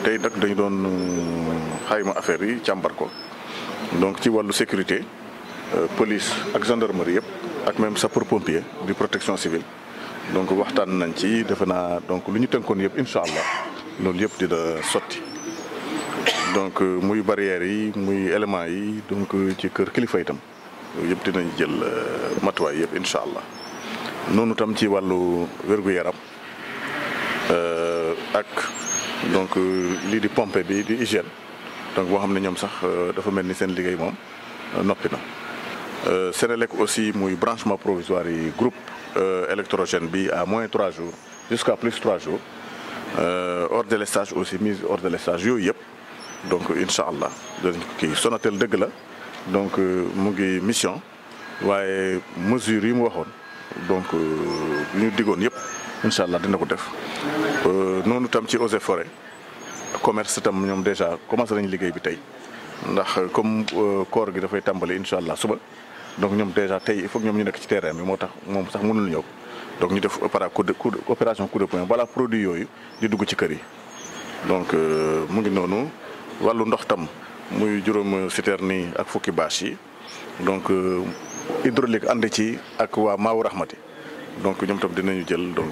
tey nag dañu doon euh, xayma affaire yi càmbar donc ci wàllu sécurité euh, police ak gendarmerie yëpp ak même sapeur pompier di protection civile donc waxtaan nañ ci defe naa donc lu ñu tënkoon yëpp incha allah loolu yëpp dina sotti donc euh, muy barrières yi muy éléments yi donc ci kër kilifa itam yooyu yëpp dinañ jël matuwaay yëpp incha allah noonu tam ci wàllu wérgu yaram ak. donc euh, lii di pompe bi di hygiène donc boo xam ne ñoom sax euh, dafa mel ni seen liggéey moom euh, noppi na. Sénélec aussi muy branchement provisoire yi groupe électrogène bi à moins trois jours jusqu'à plus trois jours hors délestage aussi mise hors délestage yooyu yëpp donc incha allah dinañ kii Sonatel dëgg la donc mu ngi mission waaye mesures yi mu waxoon. donc euh, li ñu diggoon yëpp incha allah dina ko def euh, noonu tam ci eaux et forêt commerce tam ñoom déjà commencé nañu liggéey bi tey ndax euh, comme koor gi dafay tàmbali incha allah suba donc ñoom déjà tey il faut ñoom ñu nekk ci terrain bi moo tax moom sax mënul ñëw donc ñu def opération coup de poing bala produit yooyu di dugg ci kër yi donc mu ngi noonu wàllu ndox tam muy juróom citerne yi ak fukki bâche yi donc hydraulique and ci ak waa Maawu Rahmati donc ñoom tam dinañu jël donc.